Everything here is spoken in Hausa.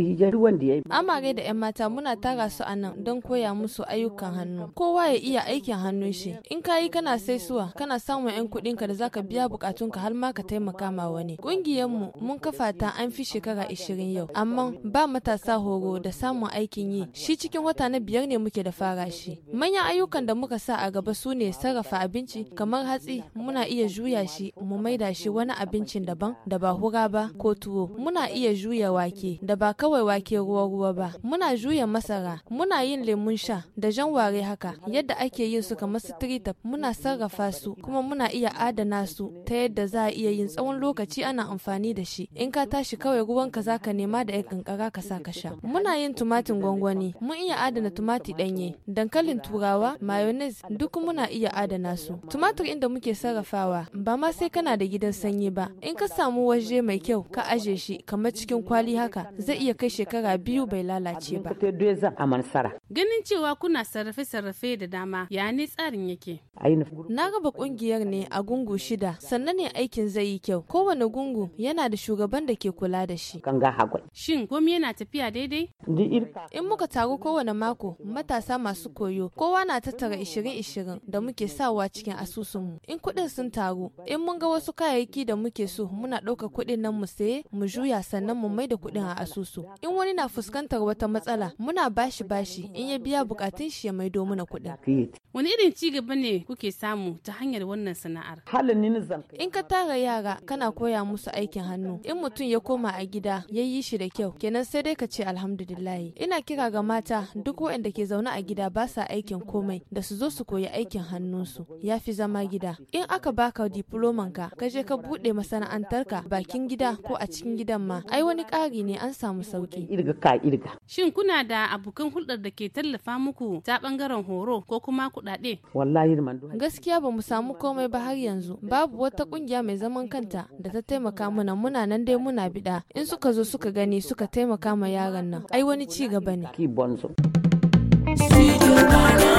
hijar wanda ya yi. Amare da 'yan mata muna tara su a nan don koya musu ayyukan hannu. Kowa ya iya aikin hannun shi. In ka yi kana saisuwa, kana samun 'yan kuɗin kuɗinka da za ka biya bukatun ka har ma ka taimaka ma wani. mu mun kafa ta an fi shekara 20 yau, amma ba matasa horo da samun aikin yi. Shi cikin wata na biyar ne muke da fara shi. Manyan ayyukan da muka sa a gaba su ne sarrafa abinci kamar hatsi muna iya juya shi mu maida shi wani abincin daban da ba hura ba ko tuwo. Muna iya juya wake da ba kawai wake ruwa-ruwa ba muna juya masara muna yin lemun sha da jan ware haka yadda ake yin su kamar sitirita muna sarrafa su kuma muna iya adana su ta yadda za a iya yin tsawon lokaci ana amfani da shi in ka tashi kawai ruwan za ka nema da 'yan kankara ka sa ka sha muna yin tumatin gwangwani mun iya adana tumati danye dankalin turawa mayonnaise duk muna iya adana su tumatir inda muke sarrafawa ba ma sai kana da gidan sanyi ba in ka samu waje mai kyau ka aje shi kamar cikin kwali haka zai iya kai shekara biyu bai lalace ba. Ganin cewa kuna sarrafe-sarrafe da dama ya ne tsarin yake. Na raba kungiyar ne a gungu shida sannan ne aikin zai yi kyau. Kowane gungu yana da shugaban da ke kula da shi. Shin komi yana tafiya daidai? In muka taru kowane mako matasa masu koyo kowa na tattara ishirin-ishirin da muke sawa cikin asusunmu. In kuɗin sun taru in mun ga wasu kayayyaki da muke so muna ɗauka kuɗin nan mu saye mu juya sannan mu mai da kuɗin a asusu. in wani na fuskantar wata matsala muna bashi bashi in ya biya bukatun shi ya maido mana kuɗin wani irin ci gaba ne kuke samu ta hanyar wannan sana'ar in ka tara yara kana koya musu aikin hannu in mutum ya koma a gida ya yi shi da kyau kenan sai dai ka ce alhamdulillahi ina kira ga mata duk waɗanda ke zaune a gida ba sa aikin komai da su zo su koyi aikin hannunsu ya fi zama gida in aka baka diploman ka ka je ka buɗe masana'antarka bakin gida ko a cikin gidan ma ai wani ƙari ne an samu sa sauki. Irga ka irga. Shin kuna da abokan hulɗar da ke tallafa muku ta ɓangaren horo ko kuma kuɗaɗe? Wallahi Gaskiya ba mu samu komai ba har yanzu. Babu wata ƙungiya mai zaman kanta da ta taimaka mana muna nan dai muna biɗa. In suka zo suka gani suka taimaka ma yaran nan. Ai wani ci gaba ne. Studio